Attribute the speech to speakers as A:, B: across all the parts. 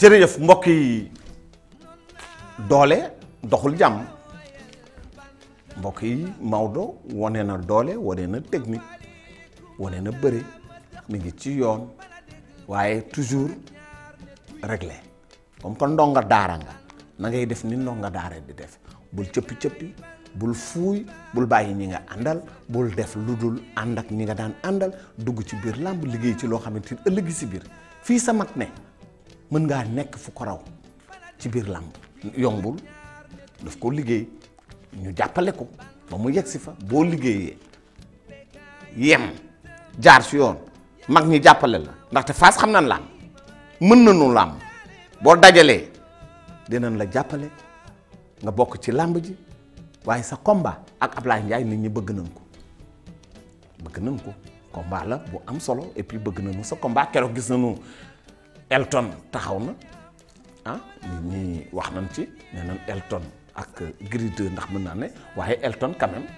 A: jërëjëf mbokk yi doole doxul jàmm mbokk yi Maodo wane na doole wane na technique wane na bëre mi ngi ci yoon waaye toujours réglé comme que ndongo daara nga na ngay def ni ndongo daara di def bul cëpp cëppi bul fuuy bul bàyyi ñi nga àndal bul def lu dul ànd ak ñi nga daan àndal dugg ci biir làmb liggéey ci loo xamante ni ëllëg si biir fii sa mag ne. mën nga nekk fu ko raw ci biir làmb yombul daf ko liggéey ñu jàppale ko ba mu yegg si fa boo liggéeyee yem jaar si yoon mag ñi jàppale la ndaxte Fass xam nan làmb mën nañu làmb boo dajalee dinañ la jàppale nga bokk ci làmb ji waaye sa combat ak Ablaye Ndiaye nit ñi bëgg nañ ko bëgg nañ ko combat la bu am solo et puis bëgg nañu sa combat keroog gis nañu Elton taxaw na ah ñi wax nañ ci nee nañ Elton ak Gris 2 ndax mën naa ne waaye Elton quand même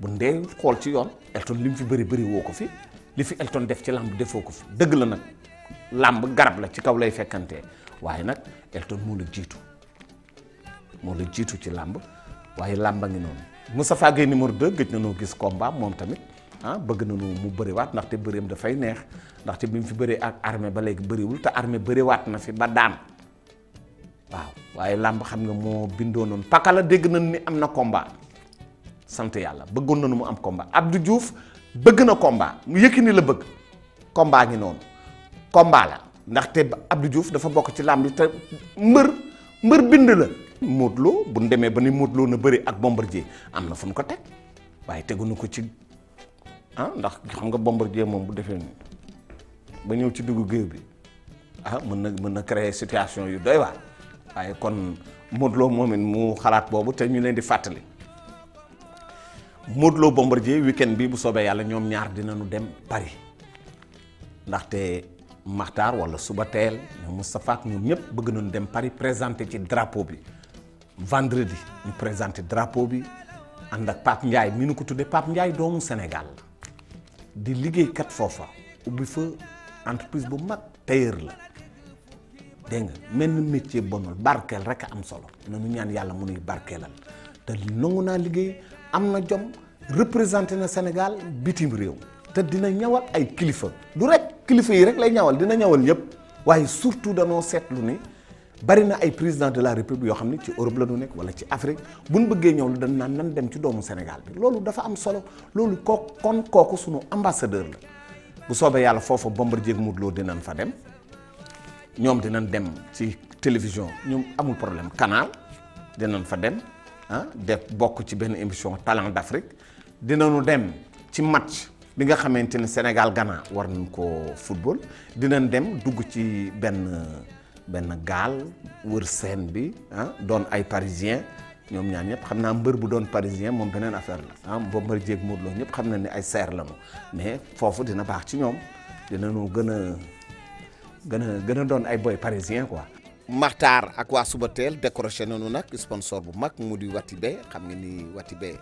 A: bu ndee xool ci yoon Elton li mu fi bëri bariwoo ko fi li fi Elton def ci làmb defoo ko fi dëgg la nag làmb garab la ci kaw lay fekkante waaye nag Elton moo la jiitu moo la jiitu ci làmb waaye làmba ngi noonu Moustapha Gueye numéro 2 gëj na noo gis combat moom tamit ah bëgg nañu mu bëriwaat ndaxte bëreem dafay neex ndaxte bi mu fi bëree ak armée ba léegi bëriwul te armée waat na fi ba daan waaw waaye làmb xam nga moo bindoo noonu pakala dégg nañ ni am na komba sant yàlla bëggoon nañu mu am combat Abdou juuf bëgg na combat mu Yékini la bëgg combat ngi noonu combat la ndaxte abdu juuf dafa bokk ci làmb te mbër mbër bind la. Modou Lo bu ñu demee ba ni Modou na bëri ak bombar Bombardier am na fu ñu ko teg waaye teguñu ko ci. ah ndax xam nga Bombardier moom bu defee nii ba ñëw ci dugg géew bi ah mën na mën na créer situation yu doy waar waaye kon Modou Lo moom it mu xalaat boobu te ñu leen di fàttali Modou Lo Bombardier weekend bi bu soobee yàlla ñoom ñaar dinañu dem Paris ndaxte Maxtaar wala suba teel ñu Moustapha ak ñoom ñëpp bëgg nañu dem Paris présenter ci drapeau bi vendredi ñu présenter drapeau bi ànd ak Pape njaay mi nu ko tuddee Pape Ndiaye doomu senegal di liggéeykat foofa ubbi fa entreprise bu mag tailleur la dégg nga menn métier bonul barkeel rek a am solo nanu ñaan yàlla mu nuy barkeelal te nangu naa liggéey am na jom représenté na Sénégal bitim réew te dina ñawal ay kilifa du rek kilifa yi rek lay ñawal dina ñawal ñëpp waaye surtout danoo seetlu ni bari na ay président de la république yoo xam ne ci Europe la ñu nekk wala ci Afrique bu ñu bëggee ñëw dañ naan nan dem ci doomu Sénégal bi loolu dafa am solo loolu kooku kon kooku sunu ambassadeur la bu soobee yàlla foofa Bombardier ak Modou Lo dinañ fa dem ñoom dinañ dem ci télévision ñoom amul problème canal dinañ fa dem ah def bokk ci benn émission talent d'Afrique dinañu dem ci match bi nga xamante ne Sénégal Ghana war nañ ko football dinañ dem dugg ci benn. benn gaal wër scène bi ah doon ay parisien ñoom ñaar ñëpp xam naa mbër bu doon parisien moom beneen affaire la ah Bombardier ak Modou Lô ñëpp xam na ni ay seer lañu mais foofu dina baax ci ñoom dinañu gën a gën a gën a doon ay boy parisien ko Maxtaar ak waa suba Subatel décroché nañu nag sponsor bu mag mu di Watibé xam nga ni Watibé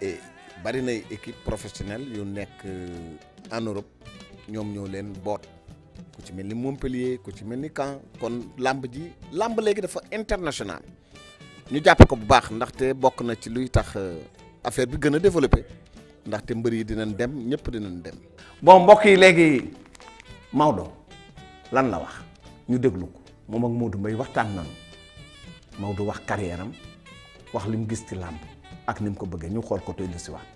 A: eh, bari na équipe professionnelle yu nekk euh, en Europe ñoom ñoo leen boot. ku ci mel ni Montpellier ku ci mel ni kan kon làmb ji làmb léegi dafa international ñu jàpp ko bu baax ndaxte bokk na ci luy tax euh, affaire bi gën a développé ndaxte mbër yi dinañ dem ñëpp dinañ dem. bon mbokk yi léegi Maodo lan la wax ñu déglu ko moom ak Modou Mbaye waxtaan nañu Maodo wax carrière wax li mu gis ci làmb ak ni mu ko bëggee ñu xool ko tey lu si waat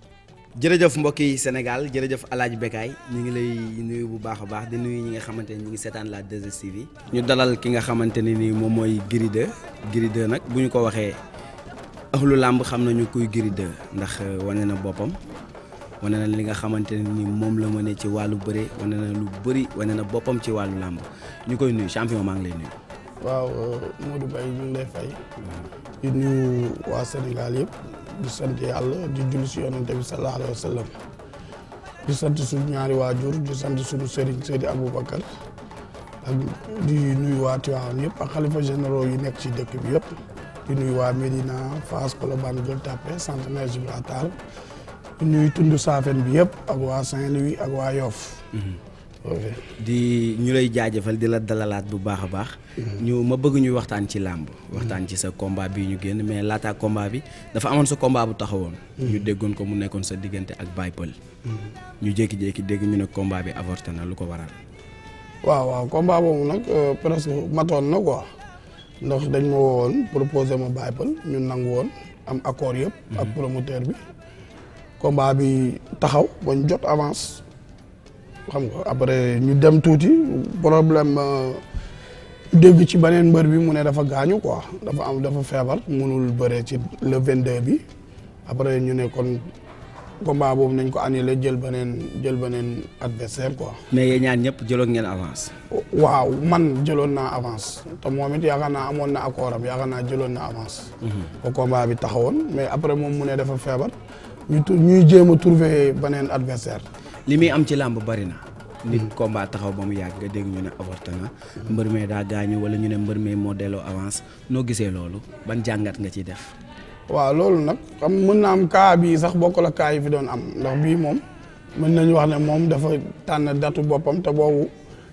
A: jërëjëf mbokk yi Sénégal jërëjëf Alaaji Bekaay
B: ñu ngi lay nuyu bu baax a baax di nuyu ñi nga xamante ne ñu ngi seetaan la 2STV
A: ñu dalal ki nga
B: xamante ne ni moom mooy Gris 2 nag bu ñu ko waxee axlu làmb xam nañu kuy Gris 2 ndax euh, wane na boppam wane na li nga xamante ne ni moom la mëne ci wàllu bëre wane na lu bari wane na boppam ci wàllu làmb ñu koy nuyu champion maa ngi lay nuyu.
C: waaw euh, Modou Baye ñu lay fay. di nuyu waa Sénégal yëpp. di sant yàlla di julli si yonente bi sallallahu alayhi wa di sant suñu ñaari waajur di sant suñu sëriñ Seydi Aboubacar ak di nuyu waa Tiwaawan yëpp ak xalifa généraux yi nekk ci dëkk bi yëpp di nuyu waa Médina Fass Colobane Gueule Tapée Centenaire Gibraltar di nuyu tund Safen bi yëpp ak waa Saint-Louis ak waa Yoff mhm.
B: di ñu lay jaajëfal di la dalalaat bu baax a baax. Mhm. ñu ma bëgg ñuy waxtaan ci làmb. waxtaan ci sa combat bi ñu génn mais laata combat bi dafa amoon sa combat bu taxawoon. Mhm. ñu déggoon ko mu nekkoon sa diggante ak Baye Peul. Mhm. ñu jékki-jékki dégg ñu ne combat bi avorté na lu ko waral.
C: waaw waaw combat boobu nag euh, presque matoon na quoi ndax dañ ma woowoon proposé ma Baye Peul ñu nangu woon am accord yëpp. ak promoteur bi. komba bi taxaw bañ jot avance. xam nga après ñu dem tuuti problème euh, dégg ci beneen mbër bi mu ne dafa gaañu ko dafa am dafa feebar mënul bëree ci le 22 bi après ñu ne kon combat boobu nañ ko annulé jël beneen jël beneen adversaire quoi.
B: mais yéen ñaan ñëpp jëloon ngeen avance.
C: waaw man jëloon naa avance te moom it yaakaar naa amoon na accord am yaakaar naa jëloon na avance. Mhm. ba combat bi taxawoon mais après moom mu ne dafa feebar ñu ñuy jéem a trouver beneen adversaire li muy am ci
B: làmb bari na. nit combat taxaw ba mu yàgg nga dégg ñu ne avorté na. mbër mee daa gaañu wala ñu ne mbër mee moo delloo avance noo gisee loolu ban jàngat nga ciy def.
C: waaw loolu nag xam mën na am cas bii sax bokkul ak cas yi fi doon am ndax bii moom mën nañu wax ne moom dafa tànn datu boppam te boobu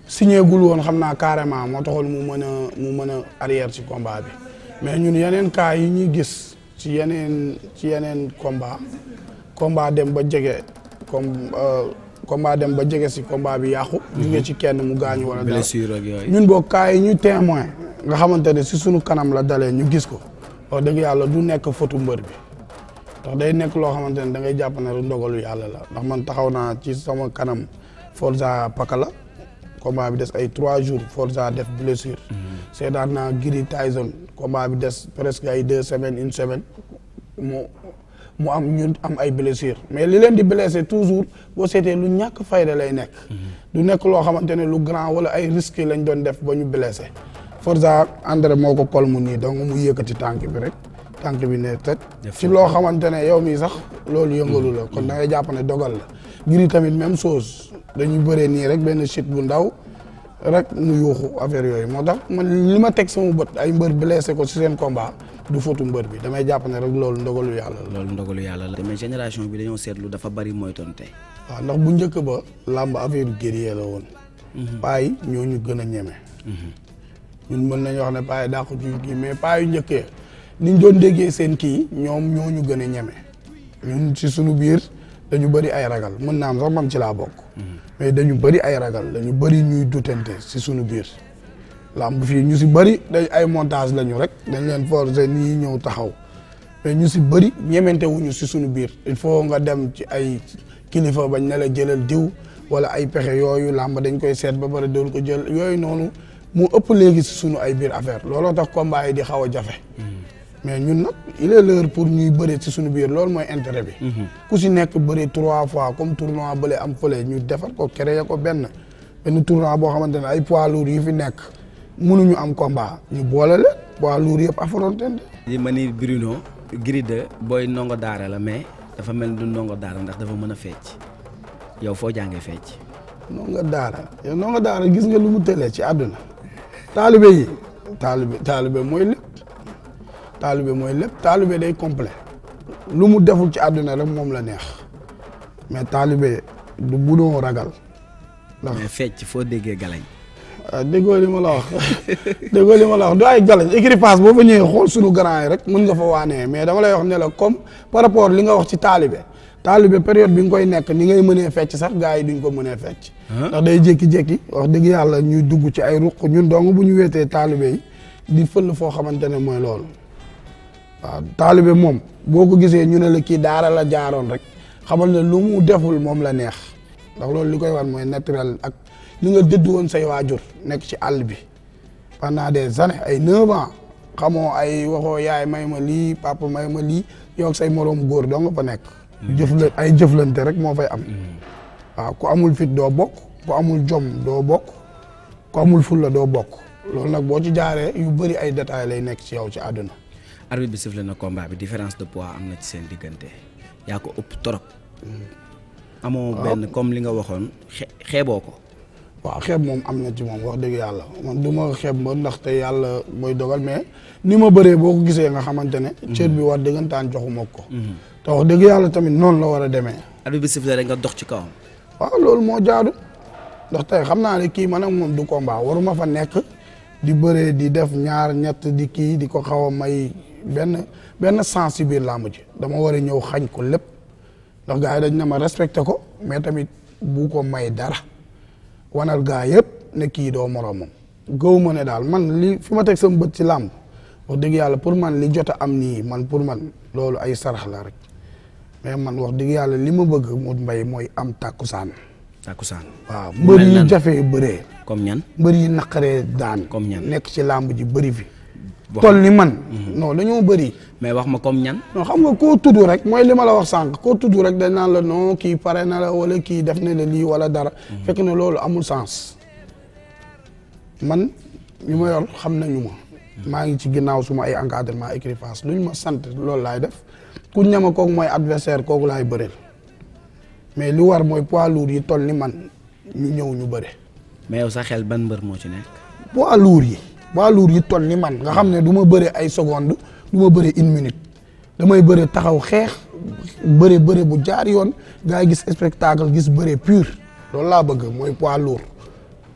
C: signé woon xam naa carrément moo taxul mu mën a mu mën a arrière ci combat bi mais ñun yeneen kaa yi ñuy gis ci yeneen ci yeneen combat combat dem ba jege. comme euh, combat dem ba jege si combat bi yàqu. Mhm. jugee ci kenn mu gaañu wala dara blessure ak yooyu ñun boo kaa yi ñu témoin nga xamante ne si sunu kanam la dalee ñu gis ko wax dëgg yàlla du nekk fotu mbër bi ndax day nekk loo xamante ne da ngay jàpp ne ndogalu yàlla la ndax man taxaw naa ci sama kanam Forza Pakala combat bi des ay trois jours Forza def blessure. Mhm. seetaan naa Giri Tyson combat bi des presque ay deux semaines une semaine mu mu am ñu am ay blessure mais li leen di blessé toujours boo seetee lu ñàkk fayda lay nekk. Mhm. du nekk loo xamante ne lu grand wala ay risques lañ doon def ba ñu blessé. Forza André moo ko kol mu nii donc mu yëkkati tànk bi rek tànk bi ne tëj. si loo xamante ne yow mii sax loolu yëngalu la mhm. kon da ngay jàpp ne dogal la. Gris tamit même chose dañuy bëree nii rek benn chute bu ndaw. rek mu yuuxu affaire yooyu moo tax man li ma teg sama bët ay mbër blessé ko si seen combat du fóotu mbër bi damay jàpp ne rek loolu ndogalu yàlla la. loolu ndogalu yàlla la. mais génération bi dañoo seetlu dafa bari moytonte. waa ndax bu njëkk ba. làmb affaire guerrier la woon. Mhm. paay ñoo ñu gën a ñeme. Mhm. ñun mën nañu wax ne paay daa ko mais paay yu njëkkee niñ doon déggee seen kii ñoom ñoo ñu gën a ñeme. ñun suñu biir dañu bëri ay ragal mën naa am sax man ci laa bokk. Mhm. mais dañu bëri ay ragal dañu bëri ñuy dutante si sunu biir. lamb fii ñu si bëri dañ ay montage la ñu rek dañ leen forcer nii ñëw taxaw ñu si bëri ñemente ñu si suñu biir il faut nga dem ci ay kilifa bañ ne la jëlal diw wala ay pexe yooyu làmb dañ koy seet ba pare doon ko jël yooyu noonu mu ëpp léegi si suñu ay biir affaire looloo tax combat yi di xaw a jafe mm-hmm. mais ñun nag il est l'heure pour ñuy bëre si suñu biir loolu mooy intérêt bi. Mm-hmm. ku si nekk bëri trois fois comme tournoi bële am fële ñu defar ko créer ko benn benn tournoi boo xamante ne ay poids lourds yu fi nekk. mënuñu am combat ñu boole leen poids lourd yëpp affronté.
B: li ma ni Bruno Gris booy ndongo daara la mais dafa mel du ndongo daara ndax dafa mën a fecc yow foo jàngee fecc.
C: ndongo daara yow ndongo daara gis nga lu mu tëlee ci àdduna. taalibe yi taalibe taalibe mooy lépp taalibe mooy lépp taalibe day complet lu mu deful ci àdduna rek moom la neex mais taalibe du budoo ragal.
B: ndax mais fecc foo déggee galañ. waaw ah, déggoo li ma la wax déggoo
C: li ma la wax du ay galañ écurie Fass boo fa ñëwee xool suñu grand yi rek mën nga fa waanee mais dama lay wax nelaw la comme par rapport li nga wax ci taalibe taalibe période bi nga koy nekk ni ngay mënee fecc sax gaa yi du ñu ko mënee fecc ah. ndax day jékki-jékki wax dëgg yàlla ñuy dugg ci ay ruq ñun dong bu ñu weetee taalibe yi di fël foo xamante ne mooy loolu waaw taalibe moom boo ko gisee ñu ne la kii daara la jaaroon rek xamal ne lu mu deful moom la neex ndax loolu li koy war mooy naturel ak li nga dëdd woon say waajur nekk ci àll bi pendant des années ay neuf ans xamoo ay waxoo yaay may ma lii papa may ma lii yow say moroom góor doo nga fa nekk. Mm. jëfla ay jëflante rek moo fay am. Mm. waaw ku amul fit doo bokk ku amul jom doo bokk ku amul fulla doo bokk loolu nag boo ci jaaree yu bëri ay détails lay nekk ci yow ci àdduna.
B: arbitre bi sifflé na bi différence de pois am na ci seen diggante yaa ko ëpp mm. benn comme li nga waxoon xeeboo ko.
C: waaw xeeb moom am na ci moom wax dëgg yàlla moom du ma xeeb ba ndaxte yàlla mooy dogal mais ni ma bëree boo ko gisee nga xamante ne. Mhm. cër bi war dëggantaan joxuma ko. Mhm. te wax dëgg yàlla tamit noonu la war a demee.
B: arbitre bi sifflé rek nga dox ci kawam.
C: waaw loolu moo jaadu ndax tey xam naa ne kii man moom du combat waruma fa nekk di bëree di def ñaar ñett di kii di ko xaw a may benn benn sens laa biir làmb ji dama war a ñëw xañ ko lépp ndax gars yi dañ ne ma respecté ko mais tamit bu ko may dara. wanal gaa yëpp ne kii doo moroomam gëw ma ne daal man li fi ma teg sama bët ci làmb wax dëgg yàlla pour man li jot a am nii man pour man loolu ay sarax la rek mais man wax dëgg yàlla li ma bëgg mut Mbaye mooy am tàkkusaan tàkkusaan waaw mbër yi jafee bëree comme ñan mbër yi daan comme ñan nekk si làmb ji bëri fi toll ni man mhm. non dañoo bëri mais wax ma comme ñan. non xam nga koo tudd rek mooy li ma la wax sànq koo tudd rek dañ naan la non kii pare na la wala kii def na la lii wala dara. Mhm. fekk na loolu amul sens. man ñu ma yor xam nañu ma. Mhm. maa ngi ci ginnaaw suma ay encadrement écrit lu ñu ma sant loolu laay def ku ñama kooku mooy adversaire kooku laay bëreel mais li war mooy poids lourd yi tol ni man ñu ñëw ñu bëre. mais yow
B: sa xel ban mbër moo ci nekk.
C: poids lourd yi. poids lourd yi toll ni man nga xam ne du ma bëre ay seconde du ma bëree minute damay bëree taxaw xeex bëree bëree bu jaar yoon gaa yi gis spectacle gis bëree pur loolu laa bëgg mooy poids lourd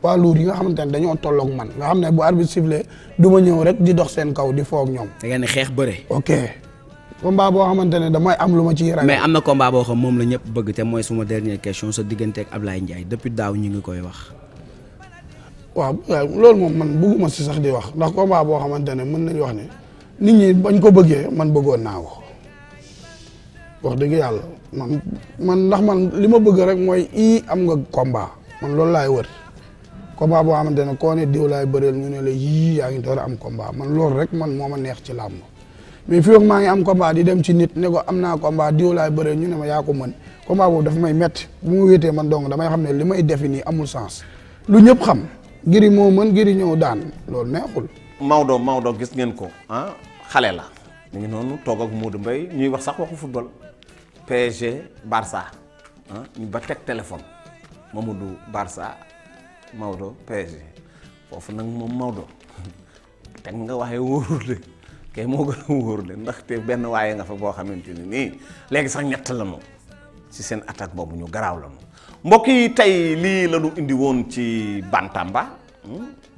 C: poids lourd yi nga xamante ne dañoo tollook man nga xam ne bu arbitre sifflé du ma ñëw rek di dox seen kaw di foog ñoom.
B: da ngeen xeex bëree.
C: ok. combat boo xamante ne damay am lu ma ci ragal.
B: mais am na combat boo xam moom la ñëpp bëgg te mooy suma dernière question sa diggante ak Ablaye Ndiaye depuis daaw ñu ngi koy wax.
C: waaw loolu moom man bëgguma si sax di wax ndax combat boo xamante ne mën nañu wax ne. nit ñi bañ ko bëggee man bëggoon naa ko wax dëgg yàlla man man ndax man li ma bëgg rek mooy i am nga combat man loolu laay wër komba boo xamante ne koo ne diw laay bëreel ñu ne la yii yaa ngi door a am combat man loolu rek man moo ma neex ci làmb mais fi ak maa ngi am combat di dem ci nit ne ko am naa combat diw laay bëreel ñu ne ma yaa ko mën combat boobu dafa may métti bu ma wéetee man donc damay xam ne li may defi nii amul sens lu ñëpp xam ngir moo mën ngir ñëw daan loolu neexul.
A: Maodo Maodo gis ngeen ko ah xale la mu ngi noonu toog ak Modou Mbaye ñuy wax sax waxu football PSG Barça ah ñu ba teg téléphone Mamadou Barça Maodo PSG foofu nag moom Maodo teg nga waxee wóorul de kay moo gën a wóorul de ndaxte benn waaye nga fa boo xamante ni nii léegi sax ñett la ñu ci seen attaque boobu ñu garaaw la ñu mbokk tey lii la indi woon ci Bantamba.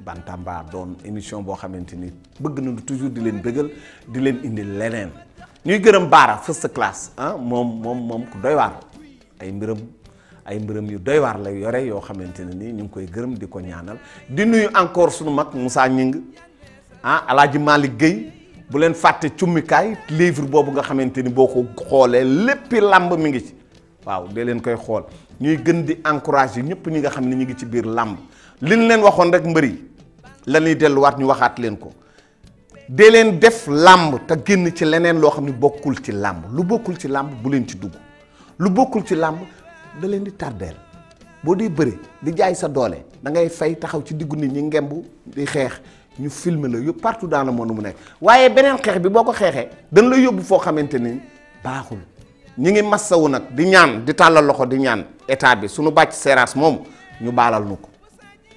A: Bantamba doon émission boo xamante ni bëgg nañu toujours di leen bëggal di leen indi leneen ñuy gërëm Baara first class ah moom moom moom ku doy ay mbiram ay mbiram yu doy la yore yoo xamante ne nii ñu ngi koy gërëm di ko ñaanal di nuyu encore suñu mag Moussa Gningue ah Alaaji maa liggéey bu leen fàtte cummikaay livre boobu nga xamante ni boo ko xoolee léppi làmb mi ngi ci waaw dee leen koy xool ñuy gën di encourage yi ñëpp ñi nga xam ni ñu ngi ci biir làmb liñ leen waxoon rek mbëri la ñuy delluwaat ñu waxaat leen ko dee leen def làmb te génn ci leneen loo xam ne bokkul ci làmb lu bokkul ci làmb bu leen ci dugg lu bokkul ci làmb da leen di tardeel boo dee bëri di jaay sa doole da ngay fay taxaw ci diggu nit ñi ngemb di xeex ñu filmer la yëpp partout dans le monde mu nekk waaye beneen xeex bi boo ko xeexee dañ la yóbbu foo xamante ni baaxul ñi ngi sawu nag di ñaan di tàllal loxo di ñaan état bi suñu bàcc seeraas moom ñu baalal nu ko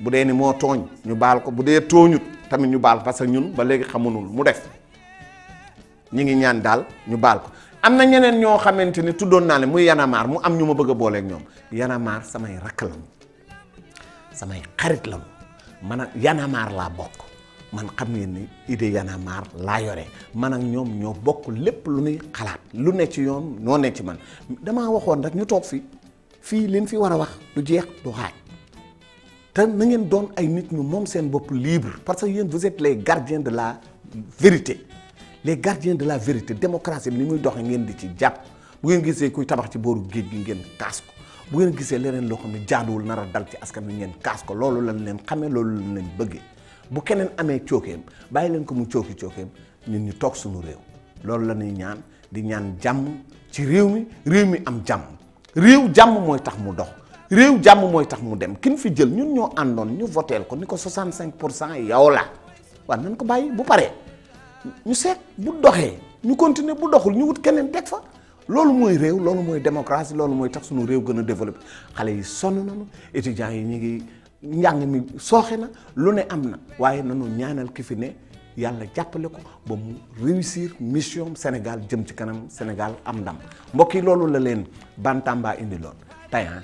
A: bu dee ni moo tooñ ñu baal ko bu dee tooñut tamit ñu baal parce que ñun ba léegi xamunul mu def ñi ngi ñaan daal ñu baal ko am na ñeneen ñoo xamante ni tuddoon naa ne muy yanamaar mu am ñu ma bëgg a booleeg ñoom yanamaar samay rakk lañu samay xarit la man a yanamaar laa bokk man xam ngeen ni idée Y'en a laa yore man ak ñoom ñoo bokk lépp lu ñuy xalaat lu nekk ci yoon noo nekk ci man damaa waxoon rek ñu toog si fii leen fi war a wax du jeex du xaaj te na ngeen doon ay nit ñu moom seen bopp libre parce que yéen vous êtes les gardiens de la vérité les gardiens de la vérité démocratie bi ni muy doxee ngeen di ci jàpp bu ngeen gisee kuy tabax ci booru géej gi ngeen kaas ko bu ngeen gisee leneen loo xam ne jaaduwul nar a dal ci askan wi ngeen kaas ko loolu lañ leen xamee loolu lañ leen bëggee bu keneen amee cookeem bàyyi leen ko mu cooki cookeem ñun ñu toog suñu réew loolu la ñuy ñaan di ñaan jàmm ci réew mi réew mi am jàmm réew jàmm mooy tax mu dox réew jàmm mooy tax mu dem kin fi jël ñun ñoo àndoon ñu voteel ko ni ko cinq pour cent yow la waaw nañ ko bàyyi bu paree ñu seet bu doxee ñu continuer bu doxul ñu wut keneen teg fa loolu mooy réew loolu mooy démocratie loolu mooy tax suñu réew gën a développé xale yi sonn nañu étudiants yi ñu ngi. njàng mi sooxe na lu ne am na waaye nanu ñaanal ki fi ne yàlla jàppale ko ba mu réussir mission Sénégal jëm ci kanam Sénégal am ndam mbokk yi loolu la leen Bantamba indi loon tey ah,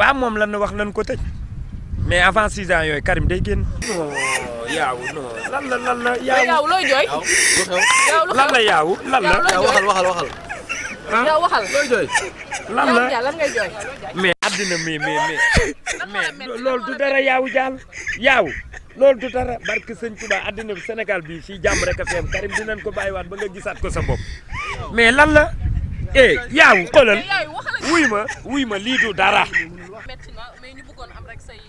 B: waa moom lan wax lan ko tëj mais avant six ans yooyu Karim day génn. yaaw lan la la. yaaw looy jooy. lan la yaaw lan la. waxal waxal waxal. mais àddina mais mais mais loolu du dara yaaw jaal yaaw loolu du dara barke sëñ Touba àddina bu Sénégal bi si jàmm rek a fi am Karim dinañ ko bàyyiwaat ba nga gisaat ko sa bopp mais lan la eh, yaaw xoolal wuy ma wuy ma lii du dara.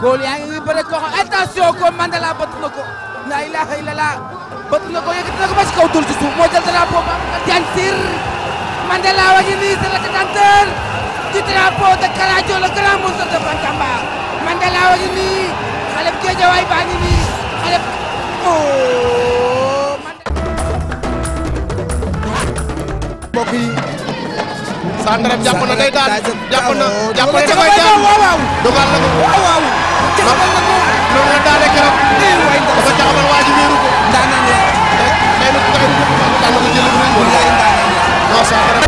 B: góol yaa ngi bëre ko xam attention ko Mandela bëtt ko laa ilaha illallah bëtt na ko yëkkati na ko ba ci kaw dul ci suuf moo jël drapeau ba Babacar Diagne Sire Mandela wa ngi nii c'est le détenteur du drapeau de Karadio le grand monstre de Bantamba Mandela wa ngi nii xale bu Géejawaay baa ngi nii xale oh mbokk yi Sandaram jàpp na day daan jàpp na jàpp na da koy daan dugal na ko waaw waaw ma noonu la daanee keroog dafa
A: caxabal waa ji wéeru ko. ndaanaan la. mais nag ko
C: jëlee bu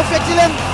B: ñëw fekk ci leen